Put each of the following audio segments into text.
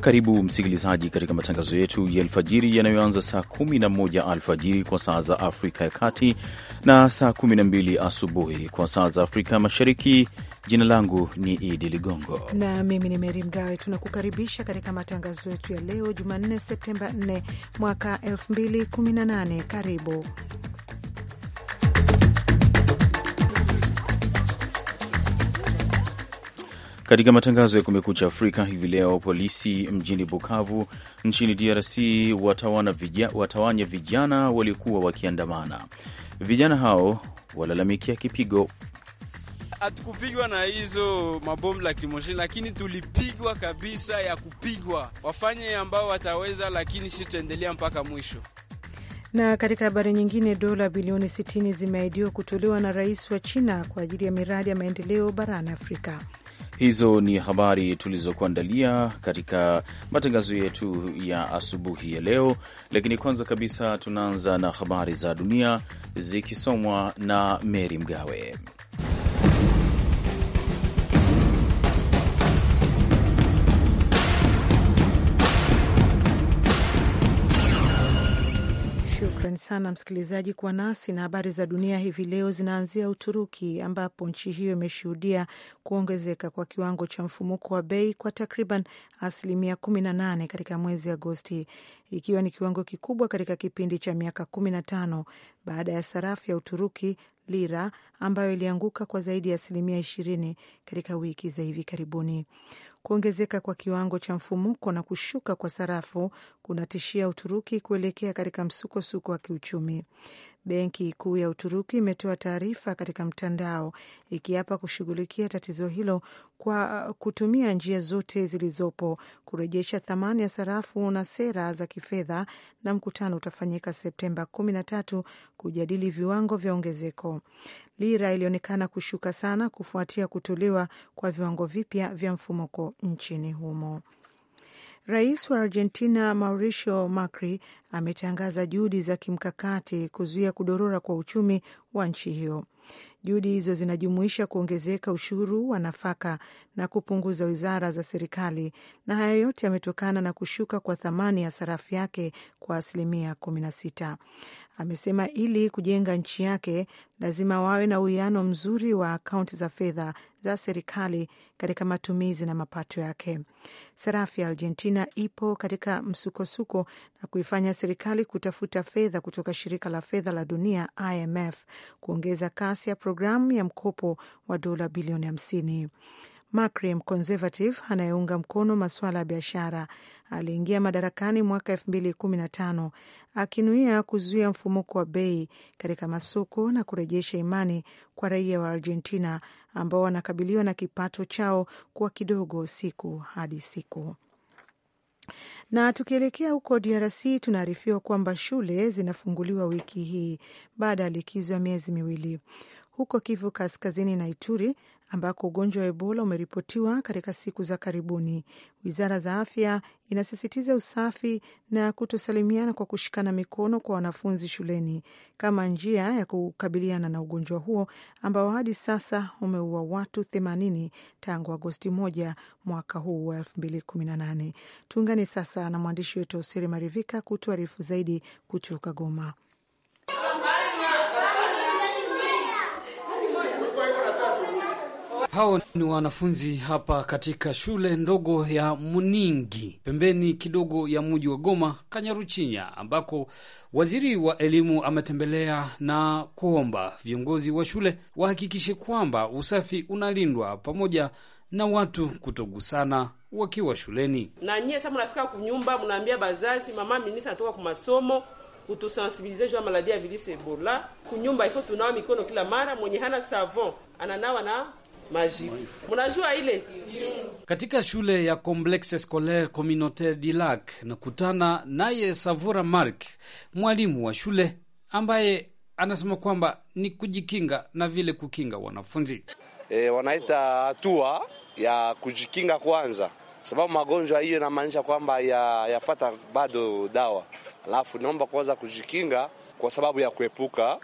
Karibu msikilizaji, katika matangazo yetu ya alfajiri yanayoanza saa 11 alfajiri kwa saa za Afrika ya Kati na saa 12 asubuhi kwa saa za Afrika Mashariki. Jina langu ni Idi Ligongo na mimi ni Meri Mgawe. Tunakukaribisha katika matangazo yetu ya leo Jumanne, Septemba 4 mwaka 2018. Karibu Katika matangazo ya Kumekucha Afrika hivi leo, polisi mjini Bukavu nchini DRC watawana vijana, watawanya vijana waliokuwa wakiandamana. Vijana hao walalamikia kipigo Hatukupigwa na hizo mabomu la kimoshini, lakini tulipigwa kabisa ya kupigwa. Wafanye ambao wataweza, lakini si tutaendelea mpaka mwisho. Na katika habari nyingine, dola bilioni 60 zimeahidiwa kutolewa na rais wa China kwa ajili ya miradi ya maendeleo barani Afrika. Hizo ni habari tulizokuandalia katika matangazo yetu ya asubuhi ya leo, lakini kwanza kabisa tunaanza na habari za dunia zikisomwa na Meri Mgawe. Shukran sana msikilizaji kuwa nasi na habari za dunia hivi leo zinaanzia Uturuki, ambapo nchi hiyo imeshuhudia kuongezeka kwa kiwango cha mfumuko wa bei kwa takriban asilimia kumi na nane katika mwezi Agosti, ikiwa ni kiwango kikubwa katika kipindi cha miaka kumi na tano baada ya sarafu ya Uturuki lira ambayo ilianguka kwa zaidi ya asilimia ishirini katika wiki za hivi karibuni. Kuongezeka kwa kiwango cha mfumuko na kushuka kwa sarafu kunatishia Uturuki kuelekea katika msukosuko wa kiuchumi. Benki Kuu ya Uturuki imetoa taarifa katika mtandao ikiapa kushughulikia tatizo hilo kwa kutumia njia zote zilizopo kurejesha thamani ya sarafu na sera za kifedha, na mkutano utafanyika Septemba kumi kujadili viwango vya ongezeko. Lira ilionekana kushuka sana kufuatia kutolewa kwa viwango vipya vya mfumuko nchini humo. Rais wa Argentina Mauricio Macri ametangaza juhudi za kimkakati kuzuia kudorora kwa uchumi wa nchi hiyo. Juhudi hizo zinajumuisha kuongezeka ushuru wa nafaka na kupunguza wizara za serikali, na haya yote yametokana na kushuka kwa thamani ya sarafu yake kwa asilimia kumi na sita. Amesema ili kujenga nchi yake lazima wawe na uwiano mzuri wa akaunti za fedha za serikali katika matumizi na mapato yake. Sarafu ya Argentina ipo katika msukosuko na kuifanya serikali kutafuta fedha kutoka shirika la fedha la dunia IMF kuongeza kasi ya programu ya mkopo wa dola bilioni hamsini. Macri mconservative anayeunga mkono masuala ya biashara aliingia madarakani mwaka elfu mbili kumi na tano akinuia kuzuia mfumuko wa bei katika masoko na kurejesha imani kwa raia wa Argentina ambao wanakabiliwa na kipato chao kuwa kidogo siku hadi siku. Na tukielekea huko DRC tunaarifiwa kwamba shule zinafunguliwa wiki hii baada ya likizo ya miezi miwili. Huko Kivu Kaskazini na Ituri, ambako ugonjwa wa Ebola umeripotiwa katika siku za karibuni. Wizara za afya inasisitiza usafi na kutosalimiana kwa kushikana mikono kwa wanafunzi shuleni kama njia ya kukabiliana na ugonjwa huo ambao hadi sasa umeua watu 80 tangu Agosti moja mwaka huu wa 2018. Tuungane sasa na mwandishi wetu Hoseri Marivika kutuarifu zaidi kutoka Goma. Hao ni wanafunzi hapa katika shule ndogo ya Muningi pembeni kidogo ya mji wa Goma, Kanyaruchinya, ambako waziri wa elimu ametembelea na kuomba viongozi wa shule wahakikishe kwamba usafi unalindwa pamoja na watu kutogusana wakiwa shuleni. Na nyie sasa mnafika kunyumba, mnaambia bazazi, mama minisa anatoka kwa masomo kutusensibilize juu ya maladi ya vilisi Ebola. Kunyumba ifo tunawa mikono kila mara, mwenye hana savon ananawa na majibu. Mnajua ile katika shule ya Complexe Scolaire Communautaire du Lac, nakutana naye Savura Mark, mwalimu wa shule ambaye anasema kwamba ni kujikinga na vile kukinga wanafunzi e, wanaita hatua ya kujikinga kwanza, sababu magonjwa hiyo inamaanisha kwamba yapata ya bado dawa, alafu naomba kwanza kujikinga kwa sababu ya kuepuka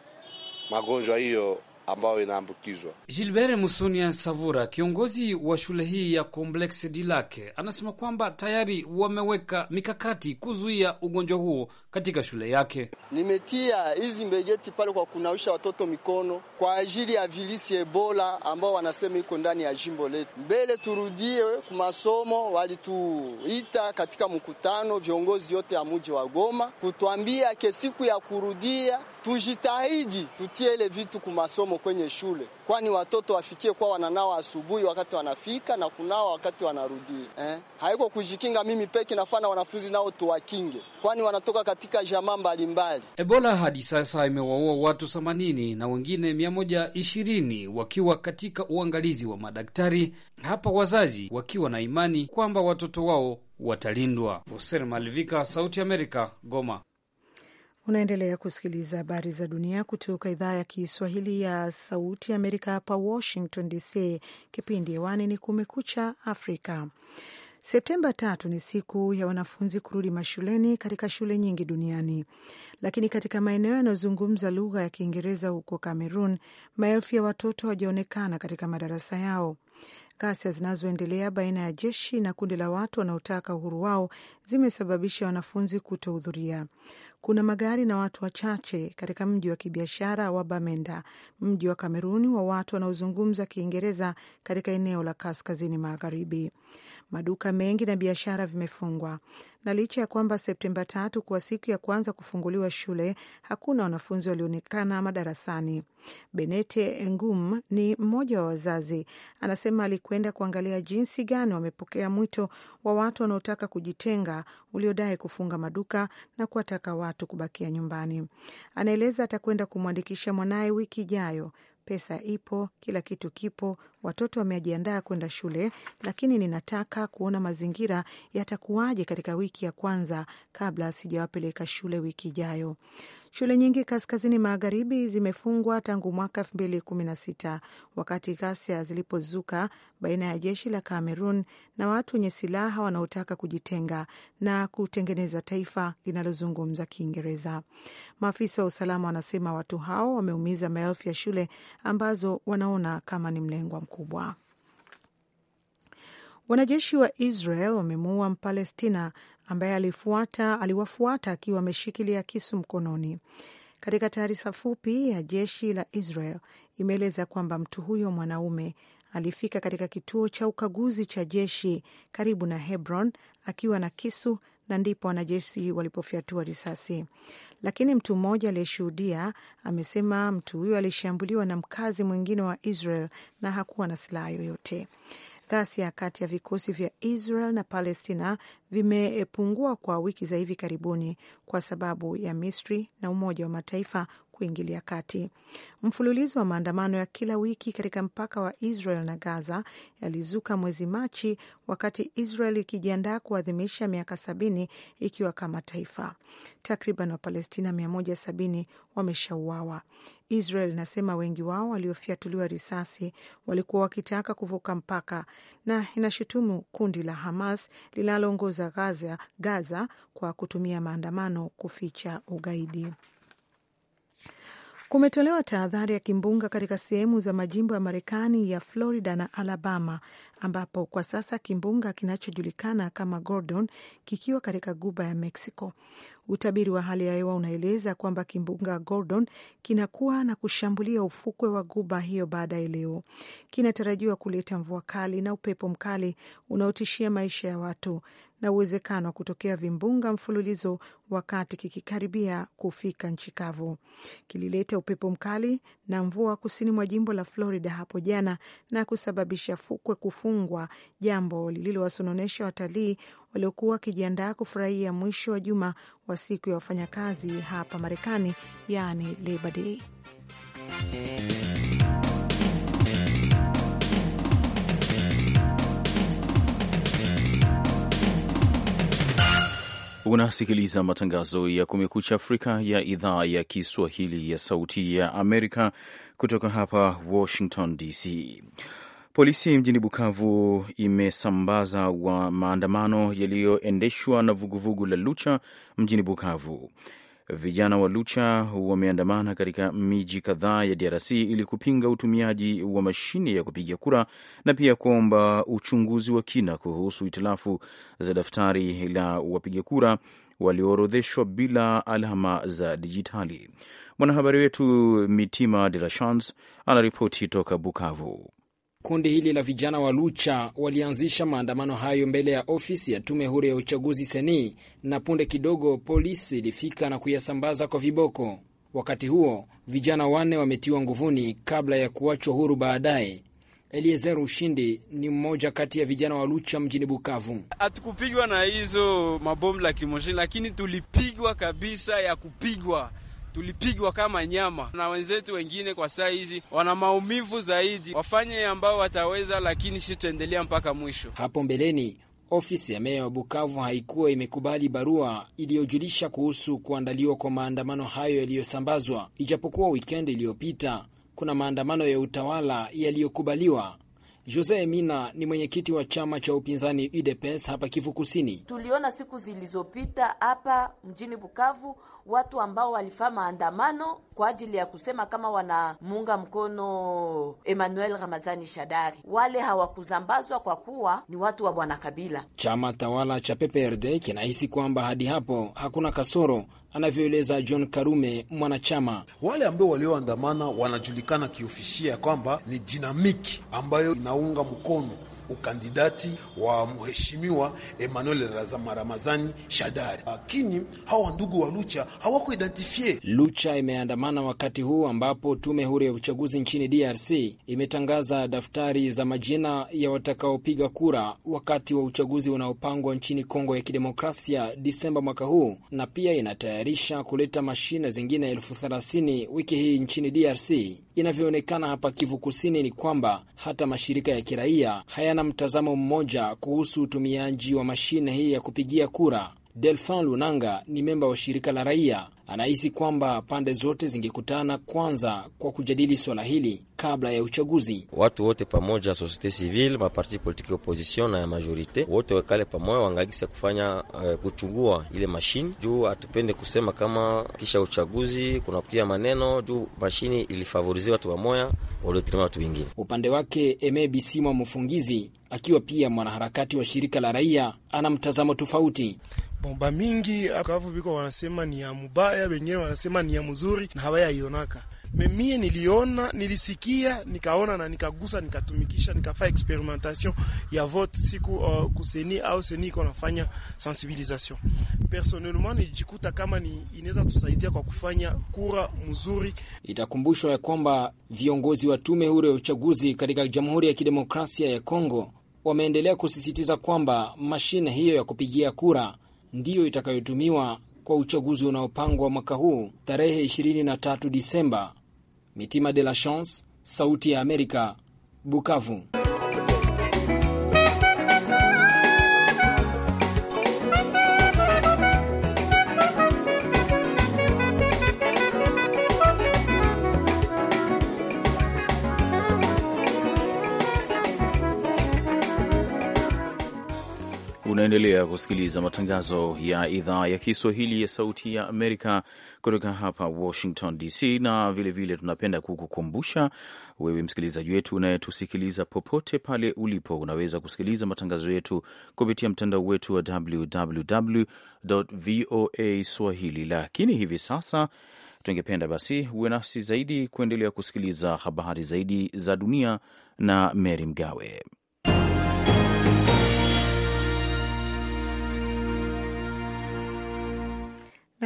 magonjwa hiyo ambayo inaambukizwa. Gilbert Musunia Savura, kiongozi wa shule hii ya Complex Dilake, anasema kwamba tayari wameweka mikakati kuzuia ugonjwa huo katika shule yake. Nimetia hizi mbegeti pale kwa kunawisha watoto mikono kwa ajili ya vilisi Ebola ambao wanasema iko ndani ya jimbo letu. Mbele turudie kumasomo, walituita katika mkutano viongozi yote ya muji wa Goma kutwambia ke siku ya kurudia tujitahidi tutie ile vitu kumasomo kwenye shule, kwani watoto wafikie kwa wananawa asubuhi wakati wanafika na kunawa wakati wanarudia eh? Haiko kujikinga mimi peke, nafana wanafunzi nao tuwakinge, kwani wanatoka katika jamaa mbalimbali. Ebola hadi sasa imewaua watu 80 na wengine 120 wakiwa katika uangalizi wa madaktari, hapa wazazi wakiwa na imani kwamba watoto wao watalindwa. Hosen Malivika, Sauti Amerika, Goma. Unaendelea kusikiliza habari za dunia kutoka idhaa ya Kiswahili ya Sauti Amerika, hapa Washington DC. Kipindi hewani ni Kumekucha Afrika. Septemba tatu ni siku ya wanafunzi kurudi mashuleni katika shule nyingi duniani, lakini katika maeneo yanayozungumza lugha ya Kiingereza huko Kamerun, maelfu ya watoto hawajaonekana katika madarasa yao. Ghasia zinazoendelea baina ya jeshi na kundi la watu wanaotaka uhuru wao zimesababisha wanafunzi kutohudhuria kuna magari na watu wachache katika mji wa kibiashara wa Bamenda, mji wa Kameruni wa watu wanaozungumza Kiingereza katika eneo la kaskazini magharibi. Maduka mengi na biashara vimefungwa, na licha ya kwamba Septemba tatu kuwa siku ya kwanza kufunguliwa shule, hakuna wanafunzi walioonekana madarasani. Benete Engum ni mmoja wa wazazi, anasema alikwenda kuangalia jinsi gani wamepokea mwito wa watu wanaotaka kujitenga uliodai kufunga maduka na kuwataka watu watu kubakia nyumbani. Anaeleza atakwenda kumwandikisha mwanaye wiki ijayo. Pesa ipo, kila kitu kipo, watoto wamejiandaa kwenda shule, lakini ninataka kuona mazingira yatakuwaje katika wiki ya kwanza kabla sijawapeleka shule wiki ijayo. Shule nyingi kaskazini magharibi zimefungwa tangu mwaka 2016 wakati ghasia zilipozuka baina ya jeshi la cameron na watu wenye silaha wanaotaka kujitenga na kutengeneza taifa linalozungumza Kiingereza. Maafisa wa usalama wanasema watu hao wameumiza maelfu ya shule ambazo wanaona kama ni mlengwa mkubwa. Wanajeshi wa Israel wamemuua Mpalestina ambaye alifuata, aliwafuata akiwa ameshikilia kisu mkononi. Katika taarifa fupi ya jeshi la Israel imeeleza kwamba mtu huyo mwanaume alifika katika kituo cha ukaguzi cha jeshi karibu na Hebron akiwa na kisu na ndipo wanajeshi walipofyatua risasi. Lakini mtu mmoja aliyeshuhudia amesema mtu huyo alishambuliwa na mkazi mwingine wa Israel na hakuwa na silaha yoyote. Ghasia kati ya vikosi vya Israel na Palestina vimepungua kwa wiki za hivi karibuni kwa sababu ya Misri na Umoja wa Mataifa kuingilia kati. Mfululizo wa maandamano ya kila wiki katika mpaka wa Israel na Gaza yalizuka mwezi Machi wakati Israel ikijiandaa kuadhimisha miaka sabini ikiwa kama taifa. Takriban Wapalestina 170 wameshauawa. Israel inasema wengi wao waliofyatuliwa risasi walikuwa wakitaka kuvuka mpaka na inashutumu kundi la Hamas linaloongoza Gaza, Gaza kwa kutumia maandamano kuficha ugaidi. Kumetolewa tahadhari ya kimbunga katika sehemu za majimbo ya Marekani ya Florida na Alabama ambapo kwa sasa kimbunga kinachojulikana kama Gordon kikiwa katika guba ya Mexico. Utabiri wa hali ya hewa unaeleza kwamba kimbunga Gordon kinakuwa na kushambulia ufukwe wa guba hiyo baadaye leo. Kinatarajiwa kuleta mvua kali na upepo mkali unaotishia maisha ya watu na uwezekano wa kutokea vimbunga mfululizo wakati kikikaribia kufika nchi kavu. Kilileta upepo mkali na mvua kusini mwa jimbo la Florida hapo jana na kusababisha fukwe kufunga kufungwa, jambo lililowasononesha watalii waliokuwa wakijiandaa kufurahia mwisho wa juma wa siku ya wafanyakazi hapa Marekani, yaani Labor Day. Unasikiliza matangazo ya Kumekucha Afrika ya idhaa ya Kiswahili ya Sauti ya Amerika kutoka hapa Washington DC. Polisi mjini Bukavu imesambaza wa maandamano yaliyoendeshwa na vuguvugu la Lucha mjini Bukavu. Vijana wa Lucha wameandamana katika miji kadhaa ya DRC ili kupinga utumiaji wa mashine ya kupiga kura na pia kuomba uchunguzi wa kina kuhusu hitilafu za daftari la wapiga kura walioorodheshwa bila alama za dijitali. Mwanahabari wetu Mitima De La Chance anaripoti toka Bukavu. Kundi hili la vijana wa Lucha walianzisha maandamano hayo mbele ya ofisi ya tume huru ya uchaguzi seni, na punde kidogo polisi ilifika na kuyasambaza kwa viboko. Wakati huo vijana wanne wametiwa nguvuni kabla ya kuachwa huru baadaye. Eliezer Ushindi ni mmoja kati ya vijana wa Lucha mjini Bukavu. Hatukupigwa na hizo mabomu la kimoshini, lakini tulipigwa kabisa ya kupigwa tulipigwa kama nyama, na wenzetu wengine kwa saa hizi wana maumivu zaidi. Wafanye ambao wataweza, lakini si tutaendelea mpaka mwisho. Hapo mbeleni ofisi ya meya wa Bukavu haikuwa imekubali barua iliyojulisha kuhusu kuandaliwa kwa maandamano hayo yaliyosambazwa, ijapokuwa wikendi iliyopita kuna maandamano ya utawala yaliyokubaliwa Jose Mina ni mwenyekiti wa chama cha upinzani UDPS hapa Kivu Kusini. Tuliona siku zilizopita hapa mjini Bukavu watu ambao walifaa maandamano kwa ajili ya kusema kama wanamuunga mkono Emmanuel Ramazani Shadari. Wale hawakuzambazwa kwa kuwa ni watu wa Bwana Kabila. Chama tawala cha PPRD kinahisi kwamba hadi hapo hakuna kasoro anavyoeleza John Karume, mwanachama. Wale ambao walioandamana wanajulikana kiofisia ya kwamba ni dinamiki ambayo inaunga mkono ukandidati wa mheshimiwa Emmanuel Ramazani Shadari, lakini hawa ndugu wa Lucha hawakuidentifie. Lucha imeandamana wakati huu ambapo tume huru ya uchaguzi nchini DRC imetangaza daftari za majina ya watakaopiga kura wakati wa uchaguzi unaopangwa nchini Kongo ya Kidemokrasia Disemba mwaka huu, na pia inatayarisha kuleta mashine zingine elfu thelathini wiki hii nchini DRC Inavyoonekana hapa Kivu Kusini ni kwamba hata mashirika ya kiraia hayana mtazamo mmoja kuhusu utumiaji wa mashine hii ya kupigia kura. Delfin Lunanga ni memba wa shirika la raia, anahisi kwamba pande zote zingekutana kwanza kwa kujadili swala hili kabla ya uchaguzi. Watu wote pamoja, societe civile, maparti politiki opposition na ya majorite, wote wakale pamoja, wangagisa kufanya uh, kuchungua ile mashini juu. Hatupende kusema kama kisha uchaguzi kuna kutia maneno juu mashini ilifavorizia watu wamoya waliotirima watu wengine. Upande wake eme Bisimwa Mfungizi akiwa pia mwanaharakati wa shirika la raia ana mtazamo tofauti bomba mingi akavu biko wanasema ni ya mubaya, wengine wanasema ni ya mzuri na hawayaionaka. Mie niliona, nilisikia, nikaona na nikagusa, nikatumikisha, nikafaa experimentation ya vote siku uh, kuseni au seni iko nafanya sensibilisation. Personnellement nilijikuta kama ni inaweza tusaidia kwa kufanya kura mzuri. Itakumbushwa ya kwamba viongozi wa tume huru ya uchaguzi katika Jamhuri ya Kidemokrasia ya Kongo wameendelea kusisitiza kwamba mashine hiyo ya kupigia kura ndiyo itakayotumiwa kwa uchaguzi unaopangwa mwaka huu tarehe 23 Disemba. Mitima de la Chance, Sauti ya Amerika, Bukavu. Unaendelea kusikiliza matangazo ya idhaa ya Kiswahili ya Sauti ya Amerika kutoka hapa Washington DC, na vilevile vile tunapenda kukukumbusha wewe msikilizaji wetu unayetusikiliza popote pale ulipo, unaweza kusikiliza matangazo yetu kupitia mtandao wetu wa www voa swahili. Lakini hivi sasa tungependa basi uwe nasi zaidi kuendelea kusikiliza habari zaidi za dunia na Meri Mgawe.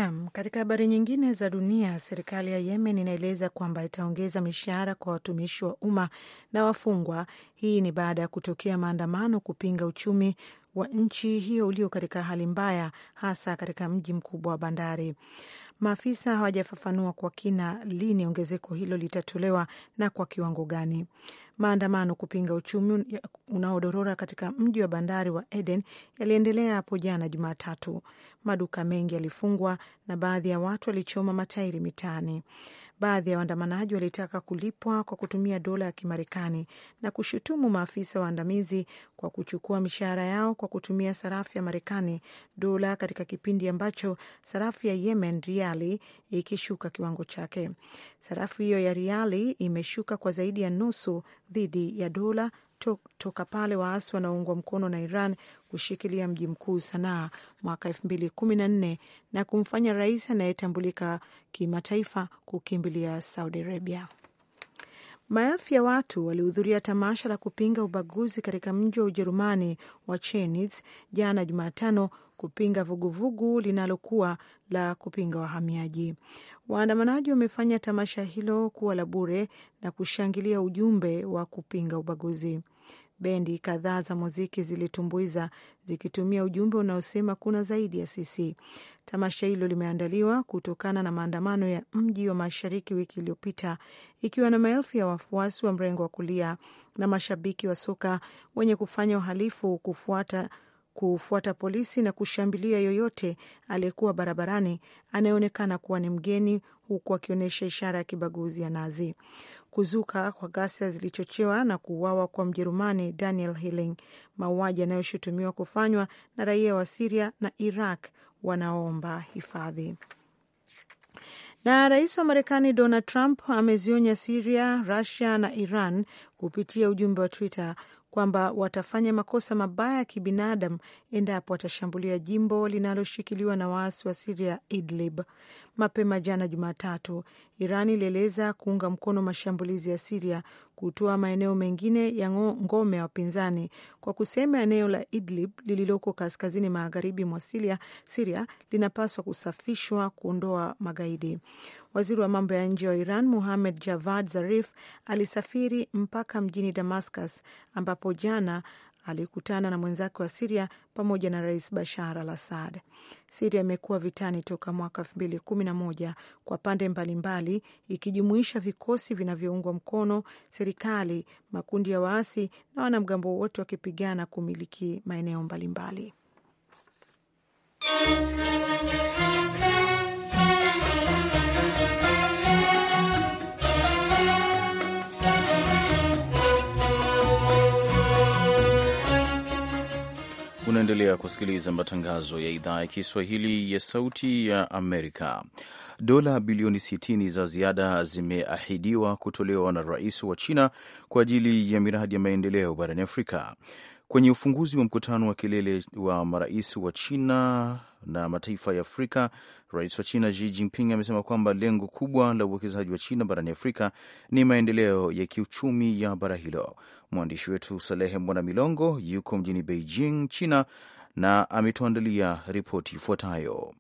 Nam. Katika habari nyingine za dunia, serikali ya Yemen inaeleza kwamba itaongeza mishahara kwa watumishi wa umma na wafungwa. Hii ni baada ya kutokea maandamano kupinga uchumi wa nchi hiyo ulio katika hali mbaya, hasa katika mji mkubwa wa bandari. Maafisa hawajafafanua kwa kina lini ongezeko hilo litatolewa na kwa kiwango gani. Maandamano kupinga uchumi unaodorora katika mji wa bandari wa Eden yaliendelea hapo jana Jumatatu. Maduka mengi yalifungwa na baadhi ya watu walichoma matairi mitaani. Baadhi ya waandamanaji walitaka kulipwa kwa kutumia dola ya Kimarekani na kushutumu maafisa waandamizi kwa kuchukua mishahara yao kwa kutumia sarafu ya Marekani, dola, katika kipindi ambacho sarafu ya Yemen, riali, ikishuka kiwango chake. Sarafu hiyo ya riali imeshuka kwa zaidi ya nusu dhidi ya dola to, toka pale waasi wanaoungwa mkono na Iran kushikilia mji mkuu Sanaa mwaka elfu mbili kumi na nne na kumfanya rais anayetambulika kimataifa kukimbilia Saudi Arabia. Maelfu ya watu walihudhuria tamasha la kupinga ubaguzi katika mji wa Ujerumani wa Chemnitz jana Jumatano kupinga vuguvugu linalokuwa la kupinga wahamiaji. Waandamanaji wamefanya tamasha hilo kuwa la bure na kushangilia ujumbe wa kupinga ubaguzi bendi kadhaa za muziki zilitumbuiza zikitumia ujumbe unaosema kuna zaidi ya sisi. Tamasha hilo limeandaliwa kutokana na maandamano ya mji wa mashariki wiki iliyopita, ikiwa na maelfu ya wafuasi wa mrengo wa kulia na mashabiki wa soka wenye kufanya uhalifu kufuata kufuata polisi na kushambulia yoyote aliyekuwa barabarani anayeonekana kuwa ni mgeni, huku akionyesha ishara ya kibaguzi ya Nazi. Kuzuka kwa ghasia zilichochewa na kuuawa kwa Mjerumani Daniel Hilling, mauaji yanayoshutumiwa kufanywa na raia wa Siria na Iraq wanaoomba hifadhi. Na rais wa Marekani Donald Trump amezionya Siria, Rusia na Iran kupitia ujumbe wa Twitter kwamba watafanya makosa mabaya ya kibinadamu endapo watashambulia jimbo linaloshikiliwa na waasi wa Siria, Idlib. Mapema jana Jumatatu, Iran ilieleza kuunga mkono mashambulizi ya Siria kutoa maeneo mengine ya ngome ya wapinzani kwa kusema eneo la Idlib lililoko kaskazini magharibi mwa Siria linapaswa kusafishwa kuondoa magaidi. Waziri wa mambo ya nje wa Iran Muhamed Javad Zarif alisafiri mpaka mjini Damascus ambapo jana aliyekutana na mwenzake wa Siria pamoja na Rais Bashar al Assad. Siria imekuwa vitani toka mwaka elfu mbili kumi na moja kwa pande mbalimbali, ikijumuisha vikosi vinavyoungwa mkono serikali, makundi ya waasi na wanamgambo wote wakipigana kumiliki maeneo mbalimbali. Unaendelea kusikiliza matangazo ya idhaa ya Kiswahili ya Sauti ya Amerika. Dola bilioni 60 za ziada zimeahidiwa kutolewa na rais wa China kwa ajili ya miradi ya maendeleo barani Afrika. Kwenye ufunguzi wa mkutano wa kilele wa marais wa China na mataifa ya Afrika, rais wa China Xi Jinping amesema kwamba lengo kubwa la uwekezaji wa China barani Afrika ni maendeleo ya kiuchumi ya bara hilo. Mwandishi wetu Salehe Mwana Milongo yuko mjini Beijing, China, na ametuandalia ripoti ifuatayo.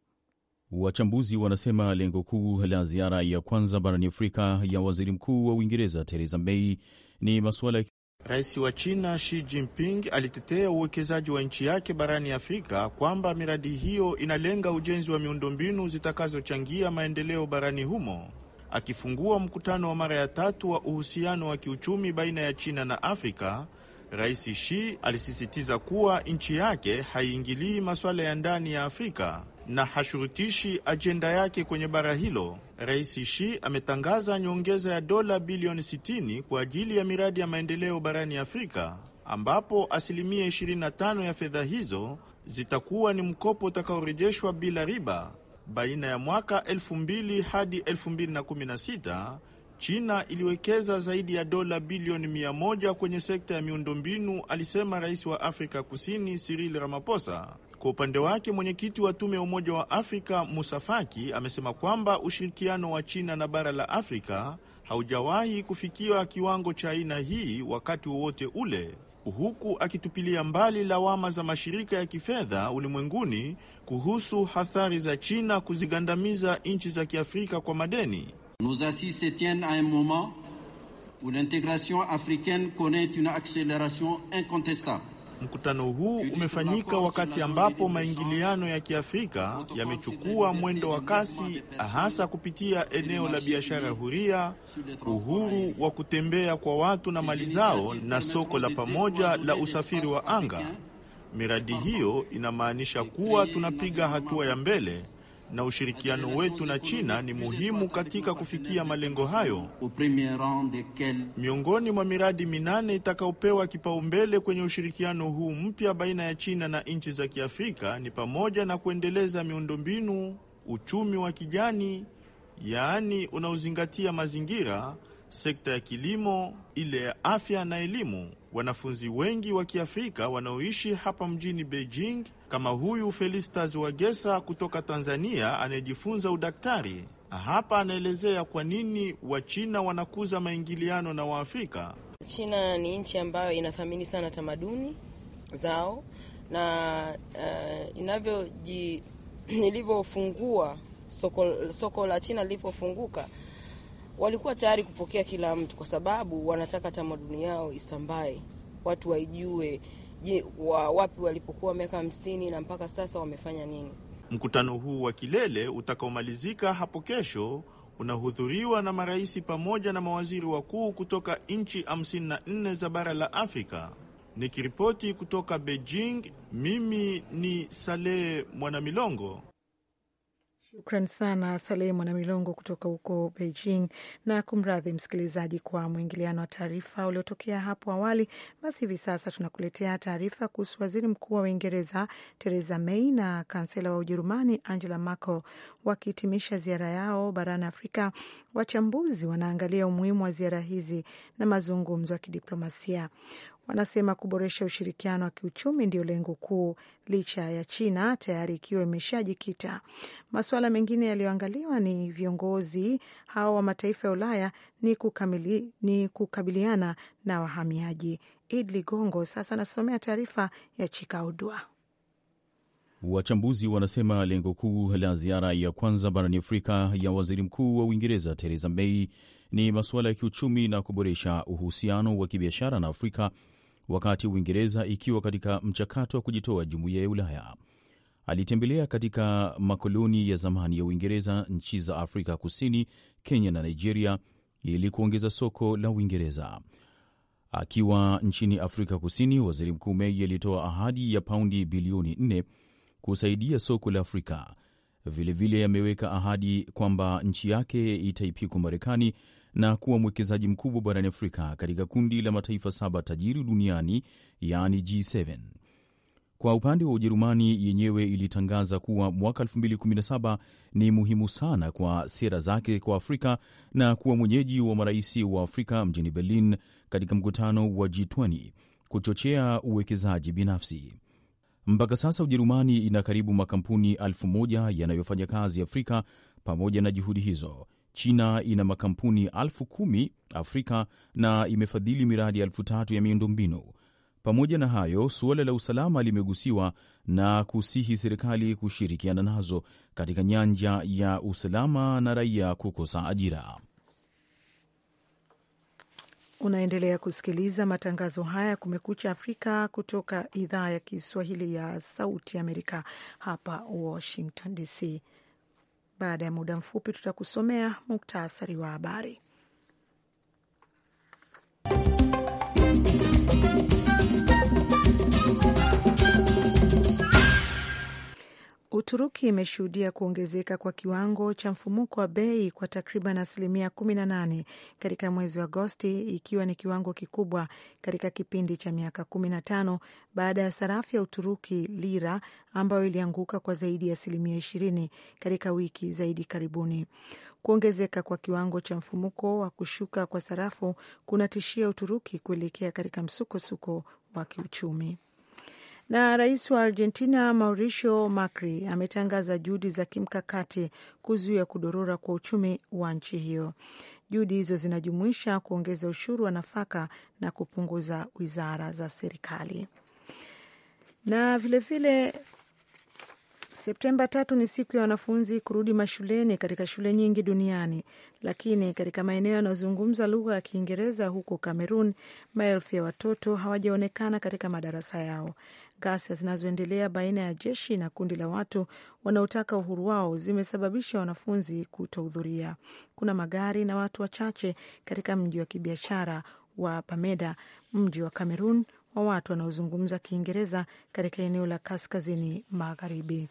Wachambuzi wanasema lengo kuu la ziara ya kwanza barani Afrika ya waziri mkuu wa Uingereza Theresa May ni masuala Rais wa China Xi Jinping alitetea uwekezaji wa nchi yake barani Afrika kwamba miradi hiyo inalenga ujenzi wa miundombinu zitakazochangia maendeleo barani humo. Akifungua mkutano wa mara ya tatu wa uhusiano wa kiuchumi baina ya China na Afrika, Rais Xi alisisitiza kuwa nchi yake haiingilii masuala ya ndani ya Afrika na hashurutishi ajenda yake kwenye bara hilo. Rais Shi ametangaza nyongeza ya dola bilioni 60 kwa ajili ya miradi ya maendeleo barani Afrika, ambapo asilimia 25 ya fedha hizo zitakuwa ni mkopo utakaorejeshwa bila riba baina ya mwaka 2000 hadi 2016. China iliwekeza zaidi ya dola bilioni 1 kwenye sekta ya miundombinu, alisema rais wa Afrika Kusini Cyril Ramaphosa. Kwa upande wake mwenyekiti wa tume ya Umoja wa Afrika Musa Faki amesema kwamba ushirikiano wa China na bara la Afrika haujawahi kufikia kiwango cha aina hii wakati wowote ule, huku akitupilia mbali lawama za mashirika ya kifedha ulimwenguni kuhusu hathari za China kuzigandamiza nchi za Kiafrika kwa madeni. Nos assises se tiennent a un moment où l'integration africaine connaît une acceleration incontestable Mkutano huu umefanyika wakati ambapo maingiliano ya Kiafrika yamechukua mwendo wa kasi, hasa kupitia eneo la biashara huria, uhuru wa kutembea kwa watu na mali zao, na soko la pamoja la usafiri wa anga. Miradi hiyo inamaanisha kuwa tunapiga hatua ya mbele na ushirikiano wetu na China ni muhimu katika kufikia malengo hayo. Miongoni mwa miradi minane itakaopewa kipaumbele kwenye ushirikiano huu mpya baina ya China na nchi za Kiafrika ni pamoja na kuendeleza miundombinu, uchumi wa kijani, yaani unaozingatia mazingira, sekta ya kilimo, ile ya afya na elimu. Wanafunzi wengi wa Kiafrika wanaoishi hapa mjini Beijing kama huyu Felistas Wagesa kutoka Tanzania anayejifunza udaktari. Hapa anaelezea kwa nini Wachina wanakuza maingiliano na Waafrika. China ni nchi ambayo inathamini sana tamaduni zao na uh, inavyoji nilivyofungua soko, soko la China lilipofunguka walikuwa tayari kupokea kila mtu, kwa sababu wanataka tamaduni yao isambae, watu waijue je, wa, wapi walipokuwa miaka hamsini na mpaka sasa wamefanya nini. Mkutano huu wa kilele utakaomalizika hapo kesho unahudhuriwa na marais pamoja na mawaziri wakuu kutoka nchi 54 za bara la Afrika. Nikiripoti kutoka Beijing, mimi ni Saleh Mwanamilongo Shukran sana Saleh na Milongo kutoka huko Beijing, na kumradhi msikilizaji kwa mwingiliano wa taarifa uliotokea hapo awali. Basi hivi sasa tunakuletea taarifa kuhusu waziri mkuu wa Uingereza Theresa May na kansela wa Ujerumani Angela Merkel wakihitimisha ziara yao barani Afrika. Wachambuzi wanaangalia umuhimu wa ziara hizi na mazungumzo ya kidiplomasia wanasema kuboresha ushirikiano wa kiuchumi ndio lengo kuu, licha ya China tayari ikiwa imeshajikita. Masuala mengine yaliyoangaliwa ni viongozi hao wa mataifa ya Ulaya ni, kukamili, ni kukabiliana na wahamiaji. Id Ligongo sasa anasomea taarifa ya Chikaudwa. Wachambuzi wanasema lengo kuu la ziara ya kwanza barani Afrika ya waziri mkuu wa Uingereza Theresa May ni masuala ya kiuchumi na kuboresha uhusiano wa kibiashara na Afrika wakati Uingereza ikiwa katika mchakato wa kujitoa jumuiya ya Ulaya. Alitembelea katika makoloni ya zamani ya Uingereza, nchi za Afrika Kusini, Kenya na Nigeria ili kuongeza soko la Uingereza. Akiwa nchini Afrika Kusini, waziri mkuu Mei alitoa ahadi ya paundi bilioni nne kusaidia soko la Afrika. Vilevile ameweka ahadi kwamba nchi yake itaipiku Marekani na kuwa mwekezaji mkubwa barani Afrika katika kundi la mataifa saba tajiri duniani, yaani G7. Kwa upande wa Ujerumani yenyewe ilitangaza kuwa mwaka 2017 ni muhimu sana kwa sera zake kwa Afrika na kuwa mwenyeji wa marais wa Afrika mjini Berlin katika mkutano wa G20 kuchochea uwekezaji binafsi. Mpaka sasa Ujerumani ina karibu makampuni elfu moja yanayofanya kazi Afrika. Pamoja na juhudi hizo, China ina makampuni elfu kumi Afrika na imefadhili miradi elfu tatu ya miundombinu. Pamoja na hayo, suala la usalama limegusiwa na kusihi serikali kushirikiana nazo katika nyanja ya usalama na raia kukosa ajira. Unaendelea kusikiliza matangazo haya Kumekucha Afrika kutoka idhaa ya Kiswahili ya Sauti Amerika hapa Washington DC. Baada ya muda mfupi, tutakusomea muktasari wa habari. Uturuki imeshuhudia kuongezeka kwa kiwango cha mfumuko wa bei kwa takriban asilimia 18 katika mwezi wa Agosti, ikiwa ni kiwango kikubwa katika kipindi cha miaka 15 baada ya sarafu ya Uturuki lira ambayo ilianguka kwa zaidi ya asilimia 20 katika wiki zaidi karibuni. Kuongezeka kwa kiwango cha mfumuko wa kushuka kwa sarafu kunatishia Uturuki kuelekea katika msukosuko wa kiuchumi. Na rais wa Argentina Mauricio Macri ametangaza juhudi za kimkakati kuzuia kudorora kwa uchumi wa nchi hiyo. Juhudi hizo zinajumuisha kuongeza ushuru wa nafaka na kupunguza wizara za serikali. Na vilevile vile, Septemba tatu ni siku ya wanafunzi kurudi mashuleni katika shule nyingi duniani, lakini katika maeneo yanayozungumza lugha ya Kiingereza huko Kamerun, maelfu ya watoto hawajaonekana katika madarasa yao. Ghasia zinazoendelea baina ya jeshi na kundi la watu wanaotaka uhuru wao zimesababisha wanafunzi kutohudhuria. Kuna magari na watu wachache katika mji wa kibiashara wa Pameda, mji wa Kamerun wa watu wanaozungumza Kiingereza katika eneo la kaskazini magharibi.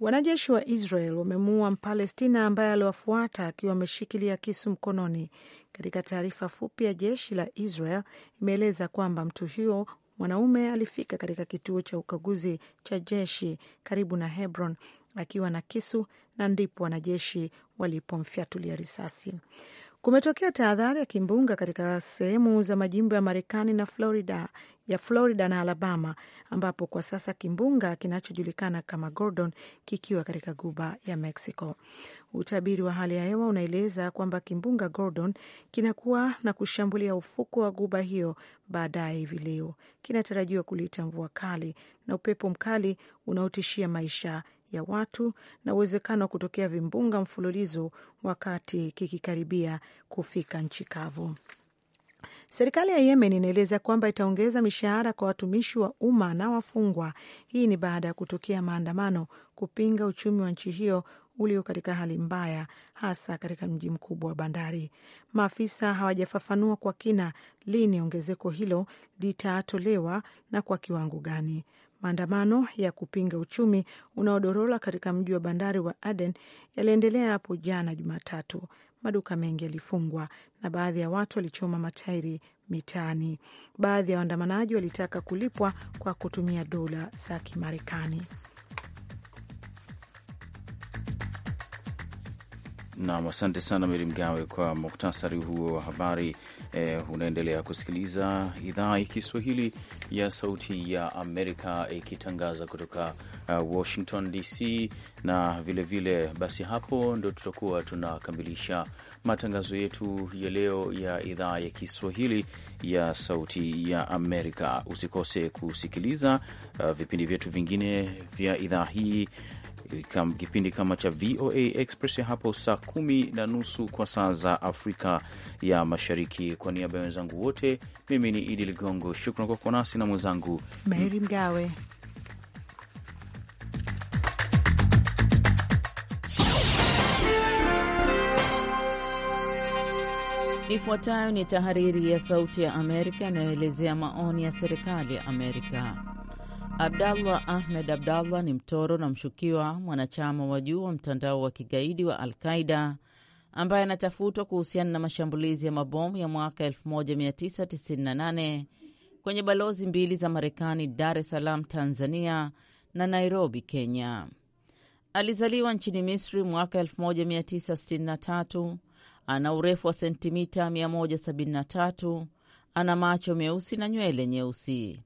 Wanajeshi wa Israel wamemuua Mpalestina ambaye aliwafuata akiwa ameshikilia kisu mkononi. Katika taarifa fupi ya jeshi la Israel imeeleza kwamba mtu huyo Mwanaume alifika katika kituo cha ukaguzi cha jeshi karibu na Hebron akiwa na kisu na ndipo wanajeshi walipomfyatulia risasi. Kumetokea tahadhari ya kimbunga katika sehemu za majimbo ya Marekani na Florida ya Florida na Alabama, ambapo kwa sasa kimbunga kinachojulikana kama Gordon kikiwa katika guba ya Mexico. Utabiri wa hali ya hewa unaeleza kwamba kimbunga Gordon kinakuwa na kushambulia ufukwe wa guba hiyo baadaye hivi leo. Kinatarajiwa kuleta mvua kali na upepo mkali unaotishia maisha ya watu na uwezekano wa kutokea vimbunga mfululizo wakati kikikaribia kufika nchi kavu. Serikali ya Yemen inaeleza kwamba itaongeza mishahara kwa watumishi wa umma na wafungwa. Hii ni baada ya kutokea maandamano kupinga uchumi wa nchi hiyo ulio katika hali mbaya, hasa katika mji mkubwa wa bandari. Maafisa hawajafafanua kwa kina lini ongezeko hilo litatolewa na kwa kiwango gani. Maandamano ya kupinga uchumi unaodorola katika mji wa bandari wa Aden yaliendelea hapo jana Jumatatu maduka mengi yalifungwa na baadhi ya watu walichoma matairi mitaani. Baadhi ya waandamanaji walitaka kulipwa kwa kutumia dola za Kimarekani. Nam, asante sana Meri Mgawe kwa muktasari huo wa habari. Eh, unaendelea kusikiliza idhaa ya Kiswahili ya Sauti ya Amerika ikitangaza kutoka Uh, Washington DC, na vilevile vile, basi hapo ndo tutakuwa tunakamilisha matangazo yetu ya leo ya idhaa ya Kiswahili ya Sauti ya Amerika. Usikose kusikiliza uh, vipindi vyetu vingine vya idhaa hii Kam, kipindi kama cha VOA Express hapo saa kumi na nusu kwa saa za Afrika ya Mashariki. Kwa niaba ya wenzangu wote, mimi ni Idi Ligongo, shukran kwa kuwa nasi na mwenzangu Meri Mgawe. Ifuatayo ni tahariri ya Sauti ya Amerika inayoelezea maoni ya serikali ya Amerika. Abdallah Ahmed Abdallah ni mtoro na mshukiwa mwanachama wa juu wa mtandao wa kigaidi wa Al Qaida ambaye anatafutwa kuhusiana na mashambulizi ya mabomu ya mwaka 1998 kwenye balozi mbili za Marekani Dar es Salaam, Tanzania na Nairobi, Kenya. Alizaliwa nchini Misri mwaka 1963 ana urefu wa sentimita 173, ana macho meusi na nywele nyeusi.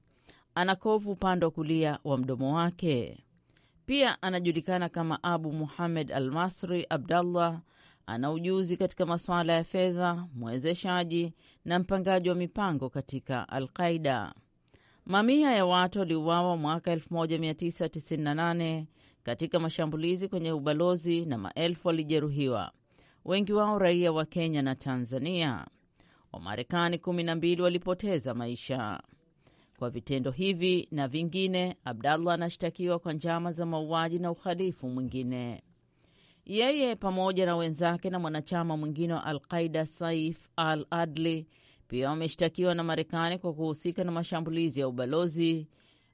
Ana kovu upande wa kulia wa mdomo wake. Pia anajulikana kama Abu Muhamed Al Masri Abdallah. Ana ujuzi katika masuala ya fedha, mwezeshaji na mpangaji wa mipango katika Alqaida. Mamia ya watu waliuawa mwaka 1998 katika mashambulizi kwenye ubalozi na maelfu walijeruhiwa wengi wao raia wa Kenya na Tanzania. Wamarekani kumi na mbili walipoteza maisha kwa vitendo hivi na vingine. Abdallah anashtakiwa kwa njama za mauaji na uhalifu mwingine. Yeye pamoja na wenzake na mwanachama mwingine wa Alqaida Saif al Adli pia wameshtakiwa na Marekani kwa kuhusika na mashambulizi ya ubalozi.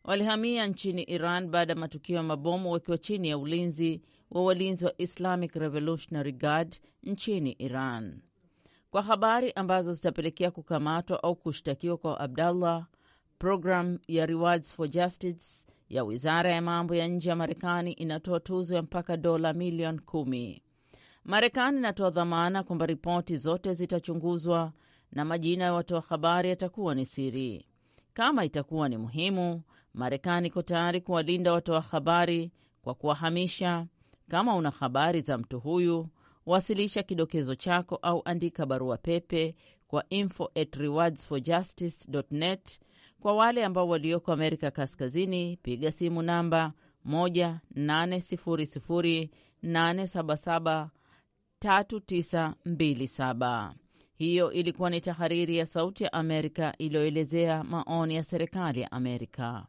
Walihamia nchini Iran baada ya matukio ya mabomu wakiwa chini ya ulinzi wa walinzi wa Islamic Revolutionary Guard nchini Iran. Kwa habari ambazo zitapelekea kukamatwa au kushtakiwa kwa Abdallah, programu ya Rewards for Justice ya wizara ya mambo ya nje ya Marekani inatoa tuzo ya mpaka dola milioni kumi. Marekani inatoa dhamana kwamba ripoti zote zitachunguzwa na majina ya watoa habari yatakuwa ni siri. Kama itakuwa ni muhimu, Marekani iko tayari kuwalinda watoa habari kwa kuwahamisha, kama una habari za mtu huyu, wasilisha kidokezo chako au andika barua pepe kwa info at rewardsforjustice.net. Kwa wale ambao walioko Amerika Kaskazini, piga simu namba 18008773927. Hiyo ilikuwa ni tahariri ya Sauti ya Amerika iliyoelezea maoni ya serikali ya Amerika.